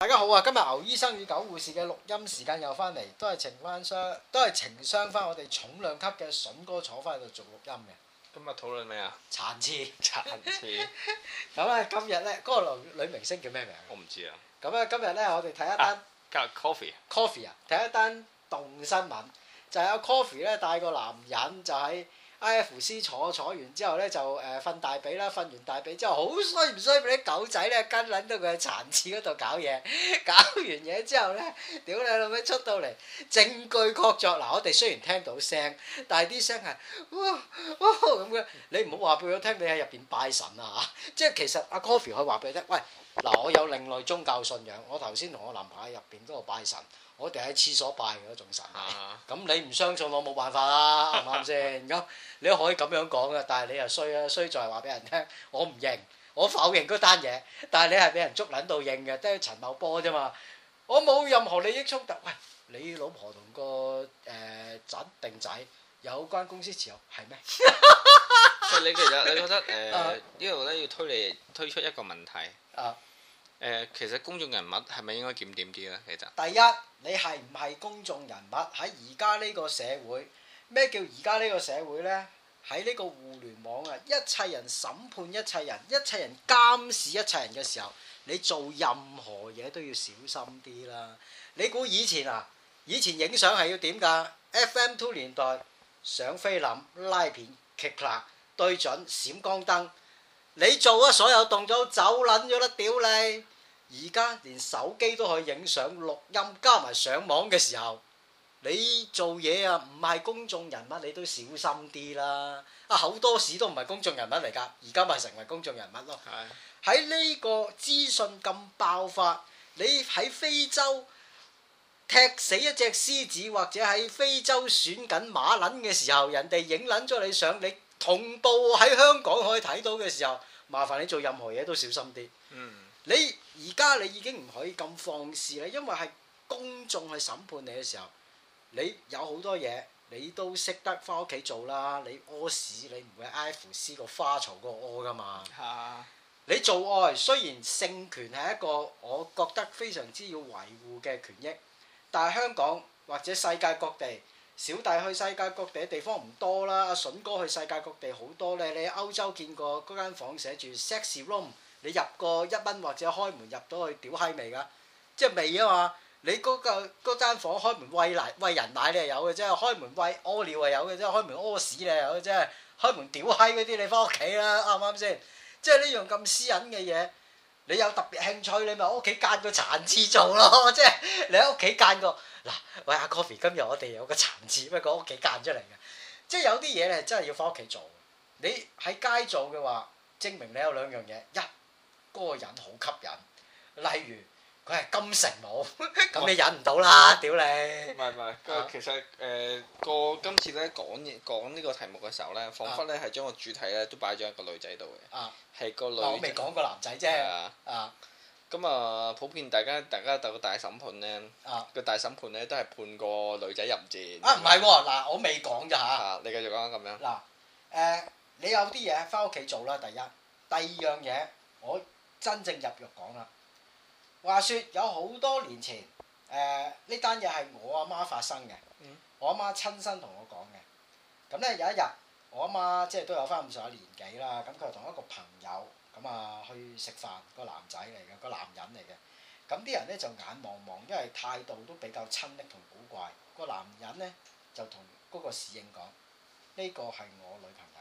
大家好啊！今日牛醫生與狗護士嘅錄音時間又翻嚟，都係情翻傷，都係情傷翻我哋重量級嘅筍哥坐翻喺度做錄音嘅。今日討論咩啊？殘廁，殘廁。咁啊，今日咧，嗰個女明星叫咩名我唔知啊。咁啊，今日咧，我哋睇一單。隔 Coffee。Coffee 啊！睇、啊、一單動新聞，就係阿 Coffee 咧帶個男人就喺、是。I.F.C 坐，坐完之後咧，就誒瞓、呃、大髀啦，瞓完大髀之後好衰唔衰？畀啲狗仔咧跟撚到佢喺殘廁嗰度搞嘢，搞完嘢之後咧，屌你老味出到嚟，證據確鑿嗱，我哋雖然聽到聲，但係啲聲係，哇、呃！你唔好話俾我聽，你喺入邊拜神啊嚇！即係其實阿 Coffee 可以話俾你聽，喂嗱，我有另類宗教信仰。我頭先同我男朋友喺入邊都我拜神，我哋喺廁所拜嗰種神。咁、uh huh. 你唔相信我冇辦法啦，啱唔啱先？咁、huh. 你都可以咁樣講嘅，但係你又衰啊衰在話俾人聽，我唔認，我否認嗰單嘢。但係你係俾人捉撚到認嘅，即係陳茂波啫嘛。我冇任何利益衝突。喂，你老婆同個誒、呃、仔定仔有關公司持有係咩？ 你其實你覺得誒呢度咧，要推你推出一個問題啊？誒、uh. 呃，其實公眾人物係咪應該檢點啲咧？其實第一，你係唔係公眾人物喺而家呢個社會咩叫而家呢個社會咧？喺呢個互聯網啊，一切人審判一切人，一切人監視一切人嘅時候，你做任何嘢都要小心啲啦。你估以前啊，以前影相係要點㗎？F M Two 年代，上菲林、拉片、劇刻。對準閃光燈，你做咗所有動作走撚咗啦！屌你，而家連手機都可以影相錄音，加埋上，上網嘅時候，你做嘢啊唔係公眾人物，你都小心啲啦！啊，好多時都唔係公眾人物嚟噶，而家咪成為公眾人物咯。喺呢個資訊咁爆發，你喺非洲踢死一隻獅子，或者喺非洲選緊馬撚嘅時候，人哋影撚咗你相。你。同步喺香港可以睇到嘅時候，麻煩你做任何嘢都小心啲。嗯，你而家你已經唔可以咁放肆啦，因為係公眾去審判你嘅時候，你有好多嘢你都識得翻屋企做啦。你屙、呃、屎你唔會喺 IFC 個花槽個屙、呃、㗎嘛。係、啊、你做愛，雖然性權係一個我覺得非常之要維護嘅權益，但係香港或者世界各地。小弟去世界各地地方唔多啦，阿、啊、筍哥去世界各地好多咧。你喺歐洲見過嗰間房寫住 sex room，你入過一蚊或者開門入到去屌閪味噶？即係未啊嘛！你嗰嚿間房開門餵奶餵人奶你係有嘅，即係開門喂屙尿係有嘅，即係開門屙屎你係有嘅，即係開門屌閪嗰啲你翻屋企啦，啱唔啱先？即係呢樣咁私隱嘅嘢。你有特別興趣，你咪屋企間個殘廁做咯，即係你喺屋企間個嗱，喂阿 Coffee，今日我哋有個殘廁，乜講屋企間出嚟嘅，即係有啲嘢咧真係要翻屋企做。你喺街做嘅話，證明你有兩樣嘢，一嗰個人好吸引，例如。喂，金城武，咁你忍唔到啦，屌你！唔係唔係，個其實誒個今次咧講嘢講呢個題目嘅時候咧，彷彿咧係將個主題咧都擺咗喺個女仔度嘅，係個女。我未講過男仔啫。啊！咁啊，普遍大家大家鬥個大審判咧，個大審判咧都係判個女仔入罪。啊唔係喎，嗱我未講咋吓，你繼續講咁樣。嗱誒，你有啲嘢翻屋企做啦。第一，第二樣嘢，我真正入獄講啦。話説有好多年前，誒呢單嘢係我阿媽，媽發生嘅，嗯、我阿媽親身同我講嘅。咁咧有一日，我阿媽即係都有翻咁上下年紀啦，咁佢同一個朋友咁啊、嗯、去食飯，個男仔嚟嘅，個男人嚟嘅。咁啲人咧就眼望望，因為態度都比較親昵同古怪。個男人咧就同嗰個侍應講：呢、呢個係我女朋友。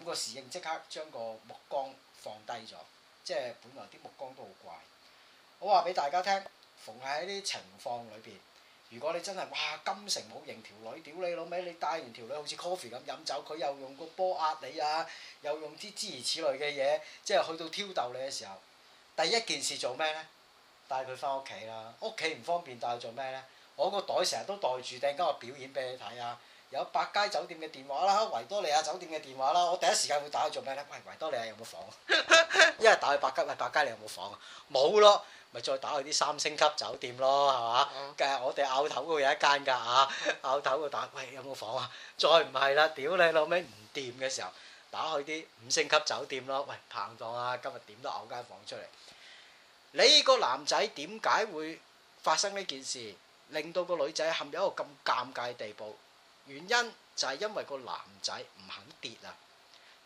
咁、個侍應即刻將個目光放低咗，即係本來啲目光都好怪。我話俾大家聽，逢喺啲情況裏邊，如果你真係哇金城冇型條女，屌你老味！你帶完條女好似 coffee 咁飲酒，佢又用個波壓你啊，又用啲諸如此類嘅嘢，即係去到挑逗你嘅時候，第一件事做咩呢？帶佢翻屋企啦！屋企唔方便帶佢做咩呢？我個袋成日都袋住，掟鳩個表演俾你睇啊！有百佳酒店嘅電話啦，維多利亞酒店嘅電話啦，我第一時間會打佢做咩呢？喂，維多利亞有冇房？ 因為打去百佳，喂，百佳你有冇房啊？冇咯～咪再打去啲三星級酒店咯，係嘛？誒、嗯，我哋拗頭嗰度有一間㗎嚇，拗頭嗰打，喂，有冇房啊？再唔係啦，屌你老味唔掂嘅時候，打去啲五星級酒店咯。喂，棒蕩啊，今日點都拗間房出嚟？你個男仔點解會發生呢件事，令到個女仔陷入一個咁尷尬嘅地步？原因就係因為個男仔唔肯跌啊。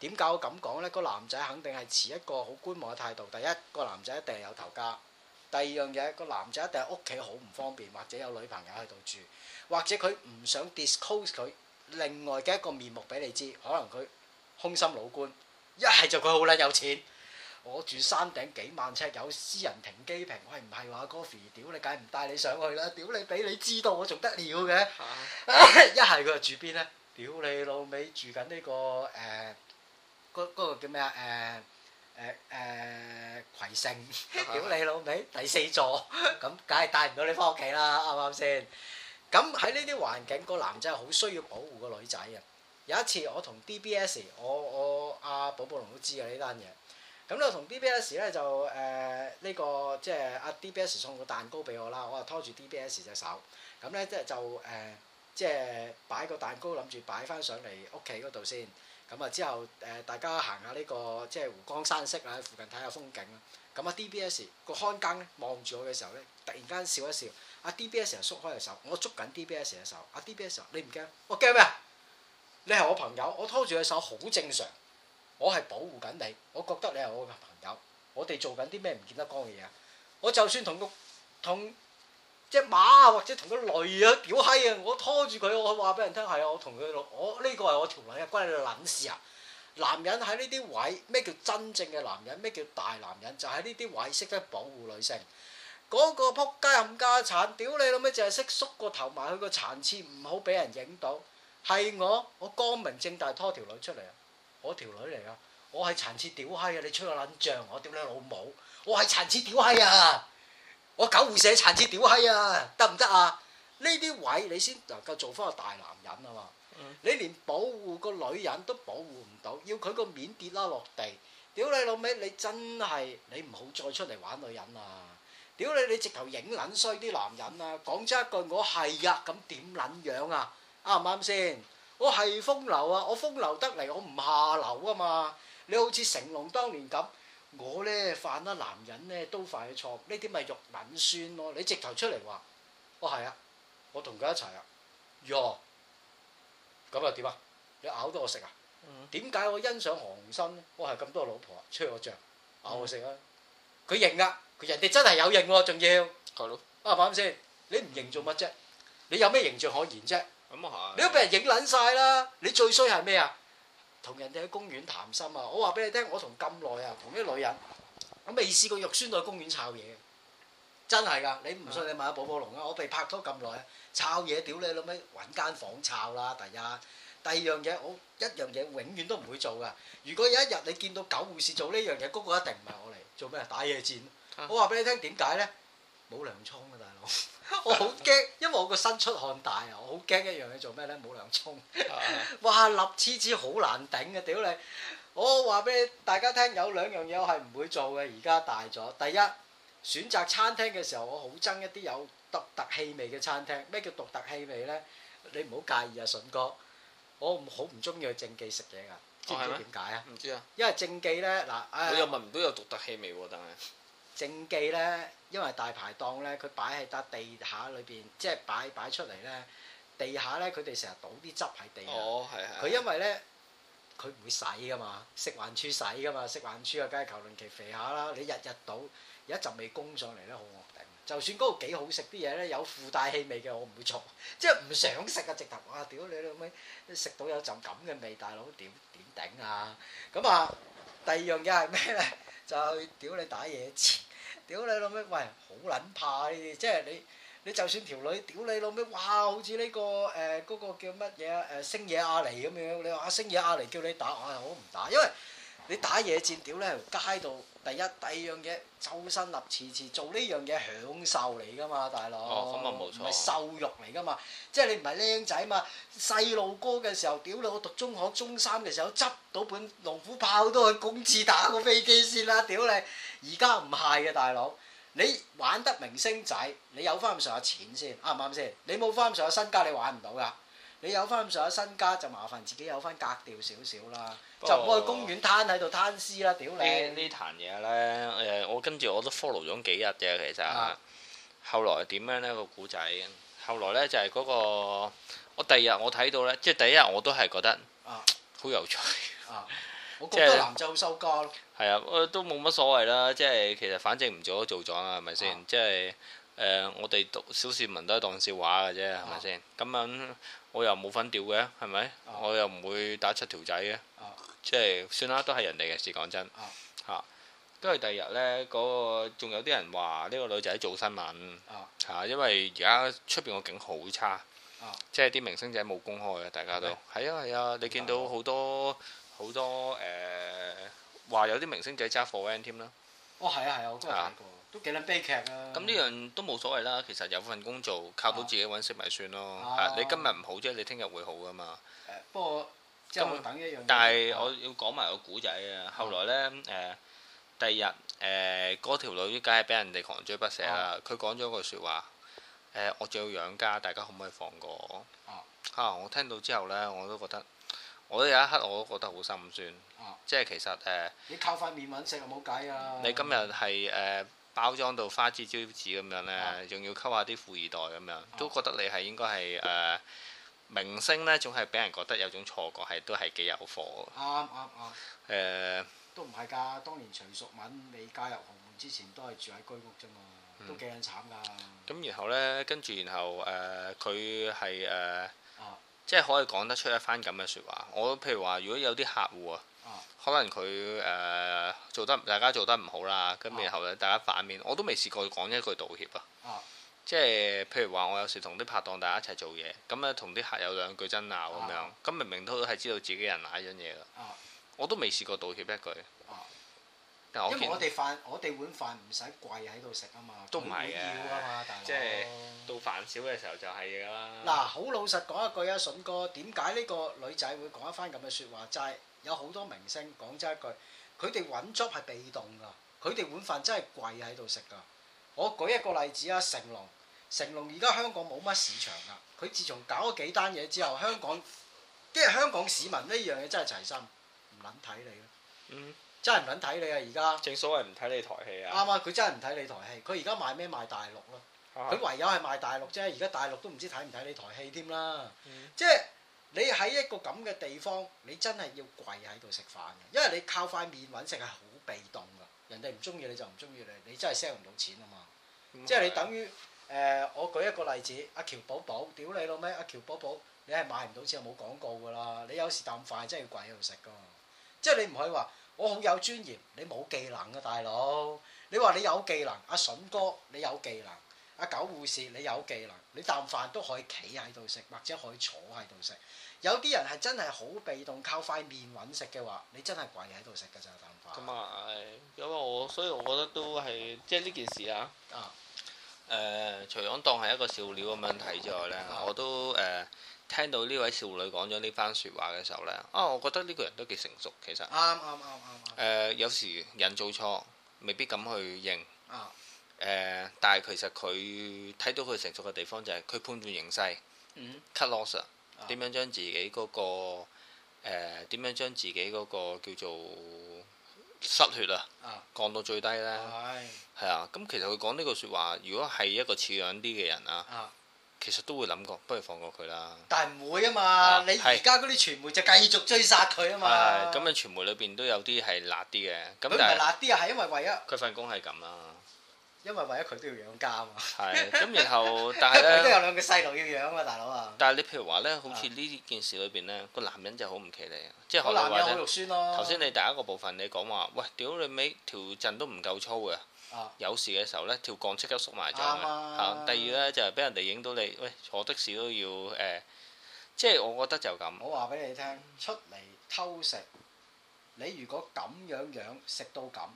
點解我咁講呢？個男仔肯定係持一個好觀望嘅態度。第一，個男仔一定係有頭家。第二樣嘢個男仔一定喺屋企好唔方便，或者有女朋友喺度住，或者佢唔想 disclose 佢另外嘅一個面目俾你知，可能佢空心老官，一係就佢好撚有錢，我住山頂幾萬尺有私人停機坪，喂唔係話 c o 屌你，梗係唔帶你上去啦，屌你俾你知道我仲得了嘅，一係佢就住邊咧？屌你老味、這個，住緊呢個誒嗰嗰叫咩啊誒？呃誒誒、呃，葵盛屌 你老味， 第四座咁梗係帶唔到你翻屋企啦，啱唔啱先？咁喺呢啲環境，個男仔係好需要保護個女仔嘅。有一次我 BS，我，我同 D B S，我我阿寶寶龍都知呢、呃這個就是、啊呢單嘢。咁咧，我同 D B S 咧就誒呢個即係阿 D B S 送個蛋糕俾我啦，我就拖住 D B S 隻手，咁咧即係就誒即係擺個蛋糕，諗住擺翻上嚟屋企嗰度先。咁啊，之後誒、呃，大家行下呢、這個即係湖光山色啊，喺附近睇下風景啦。咁、嗯、啊，D B S 個看更咧望住我嘅時候咧，突然間笑一笑。阿、啊、D B S 縮開隻手，我捉緊 D B S 嘅手。阿、啊、D B S，你唔驚？我驚咩？你係我朋友，我拖住佢手好正常。我係保護緊你，我覺得你係我嘅朋友。我哋做緊啲咩唔見得光嘅嘢啊？我就算同個同。同隻馬或者同個女啊，屌閪啊！我拖住佢，我話俾人聽，係啊，我同佢，老。我呢、這個係我條女啊，關你撚事啊！男人喺呢啲位，咩叫真正嘅男人？咩叫大男人？就喺呢啲位識得保護女性。嗰、那個撲街冚家鏟，屌你老味，淨係識縮個頭埋去個殘廁，唔好俾人影到。係我，我光明正大拖條女出嚟啊！我條女嚟啊！我係殘廁屌閪啊！你出個撚樣，我屌你老母！我係殘廁屌閪啊！我九護社殘次屌閪啊，得唔得啊？呢啲位你先能夠做翻個大男人啊嘛！嗯、你連保護個女人都保護唔到，要佢個面跌啦落地，屌你老味！你真係你唔好再出嚟玩女人啊！屌你！你直頭影撚衰啲男人啊！講真一句，我係啊，咁點撚樣啊？啱唔啱先？我係風流啊！我風流得嚟，我唔下流啊嘛！你好似成龍當年咁。我咧犯啦，男人咧都犯嘅錯，呢啲咪肉撚酸咯！你直頭出嚟話，哦，係啊，我同佢一齊啊，喲，咁又點啊？你咬到我食啊？點解、嗯、我欣賞黃生咧？我係咁多老婆啊，吹我漲，咬我食啊！佢、嗯、認佢人哋真係有認喎，仲要係咯，啱啱先，你唔認做乜啫？你有咩形象可言啫？咁啊、嗯、你都俾人認撚晒啦！你最衰係咩啊？同人哋喺公園談心啊！我話俾你聽，我同咁耐啊，同啲女人，我未試過肉酸到喺公園摷嘢，真係㗎！你唔信你問下寶寶龍啊！的我被拍拖咁耐，啊，摷嘢屌你老味，揾間房摷啦，第一，第二樣嘢，我一樣嘢永遠都唔會做㗎。如果有一日你見到狗護士做呢樣嘢，嗰個一定唔係我嚟，做咩打野戰？的我話俾你聽點解咧？冇涼沖啊，大佬！ 我好驚，因為我個身出汗大啊！我好驚一樣嘢做咩咧？冇涼衝，哇立黐黐好難頂嘅，屌你！我話俾大家聽，有兩樣嘢我係唔會做嘅，而家大咗。第一，選擇餐廳嘅時候，我好憎一啲有獨特氣味嘅餐廳。咩叫獨特氣味咧？你唔好介意啊，筍哥。我唔好唔中意去正記食嘢噶，知唔、哦、知點解啊？唔知啊。因為正記咧嗱，我又聞唔到有獨特氣味喎，但係正記咧。因為大排檔咧，佢擺喺笪地下裏邊，即係擺擺出嚟咧。地下咧，佢哋成日倒啲汁喺地下。哦，係係。佢因為咧，佢唔會洗噶嘛，食環署洗噶嘛，食環署啊，梗係求亂其肥下啦。你日日倒，有一陣味供上嚟咧，好惡頂。就算嗰個幾好食啲嘢咧，有附帶氣味嘅，我唔會坐，即係唔想食啊！直頭，哇、啊！屌你老味，食到有陣咁嘅味，大佬點點頂啊！咁啊，第二樣嘢係咩咧？就係屌你打嘢。屌你老味，喂，好撚怕呢啲，即係你你就算條女，屌你老味，哇，好似呢個誒嗰個叫乜嘢誒星野亞梨咁樣，你話星野亞梨叫你打，我係好唔打，因為你打野戰，屌你喺條街度，第一第二樣嘢，周身立次次做呢樣嘢享受嚟㗎嘛，大佬。哦，咁啊，冇錯。唔係羞辱嚟㗎嘛，即係你唔係僆仔嘛，細路哥嘅時候，屌你，我讀中學中三嘅時候，執到本龍虎豹都去公廁打個飛機先啦，屌你！而家唔係嘅大佬，你玩得明星仔，你有翻咁上下錢先啱唔啱先？你冇翻咁上下身家，你玩唔到㗎。你有翻咁上下身家，就麻煩自己有翻格調少少啦，我就唔好去公園攤喺度攤屍啦，屌你！呢呢壇嘢咧，誒，我跟住我都 follow 咗幾日啫，其實。啊、嗯這個。後來點樣咧個古仔？後來咧就係嗰、那個，我第二日我睇到咧，即係第一日我都係覺得啊，好、嗯、有趣啊。嗯就即係南州收家咯。係啊，誒都冇乜所謂啦。即係其實反正唔做都做咗啦，係咪先？即係誒，我哋讀小市民都當笑話嘅啫，係咪先？咁樣我又冇份屌嘅，係咪？啊、我又唔會打出條仔嘅。啊、即係算啦，都係人哋嘅事。講真嚇，都係、啊啊、第二日咧。嗰、嗰個仲有啲人話呢、呢個女仔做新聞嚇，啊啊、因為而家出邊個景好差，即係啲明星仔冇公開嘅，大家都係、嗯、啊係啊，你見到好多、嗯。好多誒話、呃、有啲明星仔揸 four 添啦，哦係啊係啊，我都係、啊、都幾撚悲劇啊！咁呢樣都冇所謂啦，其實有份工作做，靠到自己揾食咪算咯、嗯嗯啊。你今日唔好啫，你聽日會好噶嘛。誒、欸、不過即係會等一樣嘅但。樣啊、但係我要講埋個古仔啊！後來呢，誒、呃，第二日誒嗰、呃、條女梗係俾人哋狂人追不捨啦。佢講咗句説話：呃、我仲要養家，大家可唔可以放過我？啊！啊 uh, 我聽到之後呢，我都覺得。 我都有一刻我都覺得好心酸，啊、即係其實誒，uh, 你靠塊面揾食又冇計啊！你今日係誒包裝到花枝招展咁樣咧，仲要溝下啲富二代咁樣，都覺得你係應該係誒、uh, 明星咧，總係俾人覺得有種錯覺，係都係幾有火。啱啱啱誒，都唔係㗎。當年徐淑敏未加入豪門之前，都係住喺居屋啫嘛，都幾慘㗎。咁、嗯、然後咧，跟住然後誒，佢係誒。即係可以講得出一番咁嘅説話，我譬如話，如果有啲客戶啊，可能佢誒、呃、做得，大家做得唔好啦，咁然後咧、啊、大家反面，我都未試過講一句道歉啊。即係譬如話，我有時同啲拍檔大家一齊做嘢，咁啊同啲客有兩句爭拗咁、啊、樣，咁明明都係知道自己人揦咗嘢啦，啊、我都未試過道歉一句。因為我哋飯，我哋碗飯唔使跪喺度食啊嘛，都唔要啊嘛，大佬。即係到飯少嘅時候就係啦。嗱，好老實講一句啊，筍哥，點解呢個女仔會講一翻咁嘅説話？齋、就係、有好多明星講真一句，佢哋揾 job 係被動㗎，佢哋碗飯真係跪喺度食㗎。我舉一個例子啊，成龍，成龍而家香港冇乜市場㗎。佢自從搞咗幾單嘢之後，香港，因為香港市民呢樣嘢真係齊心，唔撚睇你咯。嗯。真係唔肯睇你啊！而家正所謂唔睇你台戲啊！啱啊！佢真係唔睇你台戲，佢而家賣咩？賣大陸咯。佢、啊、是 唯有係賣大陸啫。而家大陸都唔知睇唔睇你台戲添啦。嗯、即係你喺一個咁嘅地方，你真係要跪喺度食飯嘅，因為你靠塊面揾食係好被動㗎。人哋唔中意你就唔中意你，你真係 sell 唔到錢啊嘛。嗯、即係你等於誒是的、呃，我舉一個例子，阿喬寶寶，屌你老味！阿喬寶寶，你係賣唔到錢，冇廣告㗎啦。你有時啖飯真係要跪喺度食㗎。即、就、係、是、你唔可以話。我好有尊嚴，你冇技能啊大佬。你話你有技能，阿、啊、筍哥你有技能，阿、啊、九護士你有技能，你啖飯都可以企喺度食，或者可以坐喺度食。有啲人係真係好被動，靠塊面揾食嘅話，你真係跪喺度食㗎咋啖飯。咁啊、嗯，因為我，所以我覺得都係，即係呢件事啊。啊。誒、呃，除咗當係一個笑料咁樣睇之外呢，嗯、我都誒、呃、聽到呢位少女講咗呢番説話嘅時候呢，啊、哦，我覺得呢個人都幾成熟，其實。啱啱啱啱。有時人做錯，未必咁去認。嗯呃、但係其實佢睇到佢成熟嘅地方就係佢判斷形勢。嗯。Cut loss 點樣將自己嗰、那個誒，點、呃、樣將自己嗰個叫做。失血啊，降到最低咧，係啊，咁其實佢講呢句説話，如果係一個似樣啲嘅人啊，其實都會諗過，不如放過佢啦。但係唔會啊嘛，的你而家嗰啲傳媒就繼續追殺佢啊嘛。咁你傳媒裏邊都有啲係辣啲嘅，咁但係辣啲啊，係因為為咗佢份工係咁啦。因為為咗佢都要養家啊嘛，係咁，然後但係咧，都有兩個細路要養啊，大佬啊！但係你譬如話咧，好似呢件事裏邊咧，個男人就好唔企理，即係可能話頭先，你第一個部分你講話，喂，屌你尾條筋都唔夠粗嘅，有事嘅時候咧，條鋼即刻縮埋咗。啱啊！第二咧就係俾人哋影到你，喂，坐的士都要誒，即係我覺得就咁。我話俾你聽，出嚟偷食，你如果咁樣樣，食到咁。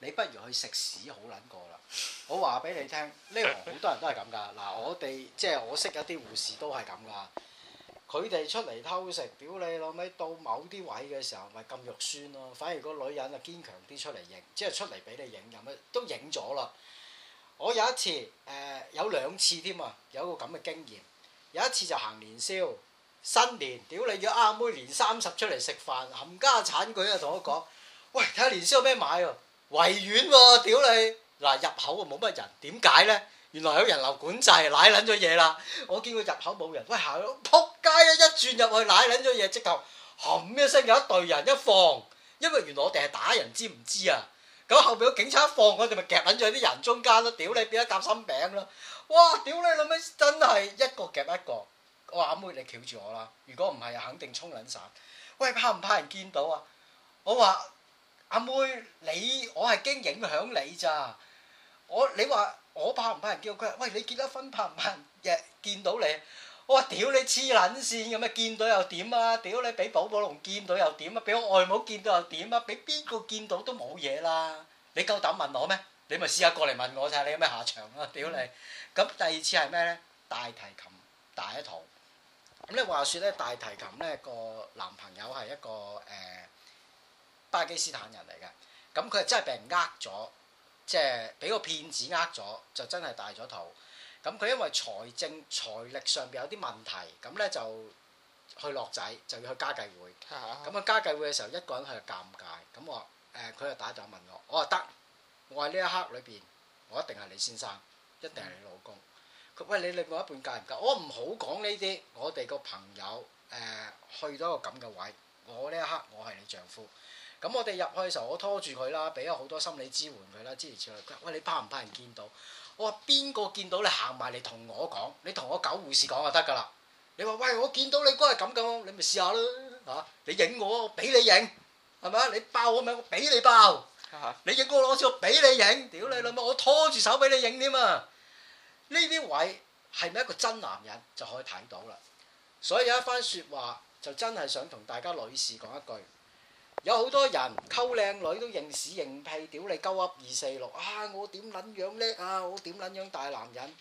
你不如去食屎好撚過啦！我話俾你聽，呢行好多人都係咁噶。嗱，我哋即係我識一啲護士都係咁噶。佢哋出嚟偷食，屌你老味，到某啲位嘅時候咪咁肉酸咯。反而個女人啊堅強啲，出嚟影，即係出嚟俾你影咁樣都影咗啦。我有一次誒，有兩次添啊，有一個咁嘅經驗。有一次就行年宵，新年屌你嘅阿妹年三十，出嚟食飯冚家鏟，佢又同我講：喂，睇下年宵有咩買喎？維園喎，屌你！嗱，入口啊冇乜人，點解呢？原來有人流管制，攋撚咗嘢啦！我見佢入口冇人，喂，行到撲街一一轉入去攋撚咗嘢，即刻喊一聲有一隊人一放，因為原來我哋係打人，知唔知啊？咁後邊個警察一放，我哋咪夾撚咗啲人中間咯，屌你變咗夾心餅咯！哇，屌你老味真係一個夾一個，我，媽媽，我話阿妹你翹住我啦，如果唔係肯定衝撚散。喂，怕唔怕人見到啊？我話。阿妹，你我係驚影響你咋？我你話我怕唔怕人叫佢？喂，你結咗婚怕唔怕人見到你，我話屌你黐撚線咁啊！見到又點啊？屌你俾寶寶龍見到又點啊？俾我外母見到又點啊？俾邊個見到都冇嘢啦！你夠膽問我咩？你咪試下過嚟問我睇下你有咩下場啊！屌你！咁第二次係咩咧？大提琴大一堂咁咧，你話說咧大提琴咧個男朋友係一個誒。巴基斯坦人嚟嘅，咁佢真係俾人呃咗，即係俾個騙子呃咗，就真係大咗肚。咁佢因為財政財力上邊有啲問題，咁咧就去落仔就要去家計會。咁去家計會嘅時候，一個人去尷尬。咁我誒佢就打電話問我，我話得，我話呢一刻裏邊，我一定係你先生，一定係你老公。佢，喂，你另外一半介唔介？我唔好講呢啲，我哋個朋友誒、呃、去到個咁嘅位，我呢一刻我係你丈夫。咁我哋入去嘅時候，我拖住佢啦，俾咗好多心理支援佢啦，支持之類。佢：喂，你怕唔怕人見到？我話邊個見到你行埋嚟同我講？你同我狗護士講就得㗎啦。你話喂，我見到你哥係咁嘅喎，你咪試下啦嚇。你影我，我俾你影，係咪啊？你爆我咪，我俾你爆。你影我攞我俾你影。屌你老母，我拖住手俾你影添啊！呢啲位係咪一個真男人就可以睇到啦？所以有一番説話，就真係想同大家女士講一句。有好多人溝靚女都，認屎認屁，屌你鳩噏二四六啊！我點撚樣叻啊！我點撚樣大男人？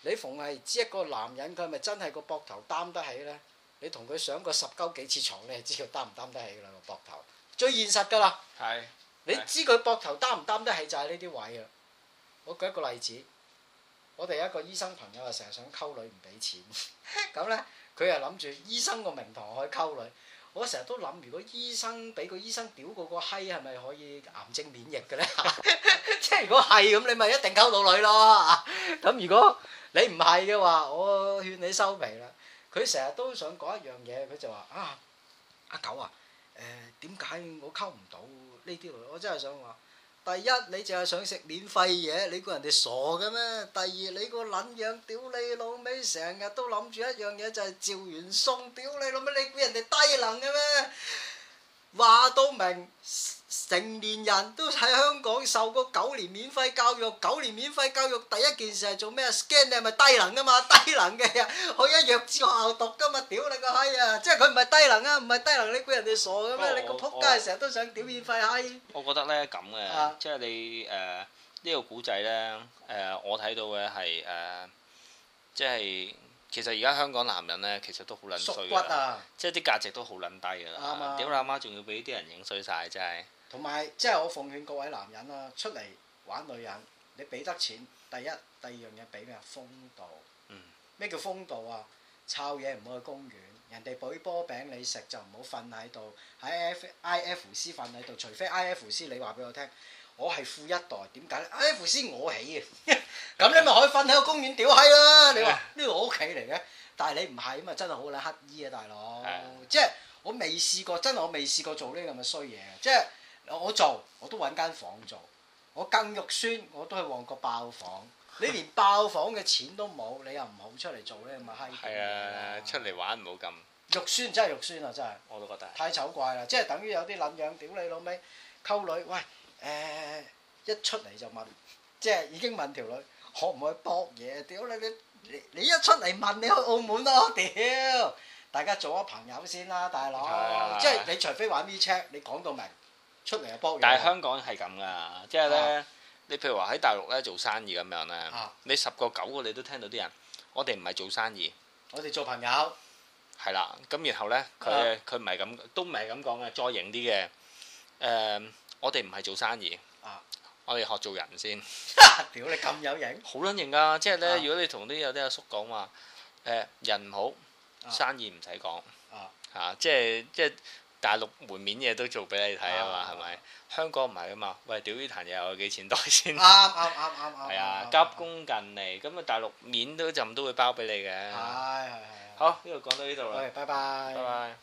你逢係知一個男人佢咪真係個膊頭擔得起咧？你同佢上過十鳩幾次牀咧？你知佢擔唔擔得起兩個膊頭？最現實㗎啦！係的你知佢膊頭擔唔擔得起就係呢啲位啊！我舉一個例子，我哋一個醫生朋友啊，成日想溝女唔俾錢咁咧，佢又諗住醫生個名堂可以溝女。我成日都諗，如果醫生俾個醫生屌嗰個閪，係咪可以癌症免疫嘅呢？ 即係如果係咁，你咪一定溝到女咯。咁 如果你唔係嘅話，我勸你收皮啦。佢成日都想講一樣嘢，佢就話：啊，阿九啊，誒點解我溝唔到呢啲女？我真係想話。第一，你淨係想食免費嘢，你估人哋傻嘅咩？第二，你個撚樣，屌你老味，成日都諗住一樣嘢就係趙雲送，屌你老味，你估人哋低能嘅咩？話到明，成年人都喺香港受過九年免費教育，九年免費教育第一件事係做咩？Scan 你係咪低能噶嘛？低能嘅呀，去一弱智學校讀噶嘛？屌你個閪呀！即係佢唔係低能啊，唔係低能，你估人哋傻嘅咩？你個撲街成日都想屌免費閪。我覺得咧咁嘅，即係你誒呢個古仔咧誒，我睇到嘅係誒，即係。其實而家香港男人咧，其實都好撚衰骨啊，即係啲價值都好撚低噶啦。阿吧媽屌阿媽，仲要俾啲人影衰晒。真係。同埋即係我奉勸各位男人啦、啊，出嚟玩女人，你俾得錢，第一第二樣嘢俾咩啊？風度。嗯。咩叫風度啊？抄嘢唔好去公園，人哋俾波餅你食就唔好瞓喺度，喺 IFC 瞓喺度，除非 IFC 你話俾我聽。我係富一代，點解咧？哎，富先我起嘅，咁 你咪可以瞓喺個公園屌閪啦！的你話呢個我屋企嚟嘅，但係你唔係㗎嘛，真係好撚乞衣啊，大佬！的即係我未試過，真係我未試過做呢咁嘅衰嘢。即係我做我都揾間房做，我更肉酸，我都去旺角爆房。你連爆房嘅錢都冇，你又唔好出嚟做呢，咁啊閪！係啊，出嚟玩唔好咁肉酸，真係肉酸啊！真係我都覺得太醜怪啦，即係等於有啲撚樣屌你老味，溝女喂～誒、嗯、一出嚟就問，即係已經問條女可唔可以搏嘢，啊？屌你你你一出嚟問你去澳門咯，啊！屌， 大家做咗朋友先啦，大佬，即係你除非玩 WeChat，你講到明出嚟就搏嘢。但係香港係咁噶，即係咧，啊、你譬如話喺大陸咧做生意咁樣咧，啊、你十個九個你都聽到啲人，我哋唔係做生意，我哋做朋友係啦。咁然後咧，佢佢唔係咁，都唔係咁講嘅，再型啲嘅誒。呃。我哋唔係做生意，啊！我哋學做人先。屌你咁有型，好撚型啊！即係咧，如果你同啲有啲阿叔講話，誒人好，生意唔使講，啊即係即係大陸門面嘢都做俾你睇啊嘛，係咪？香港唔係啊嘛，喂！屌呢壇嘢，我幾錢袋先？啱啱啱啱啱。係啊，急功近利，咁啊大陸面都朕都會包俾你嘅。係係係。好，呢度講到呢度啦。拜拜。拜拜。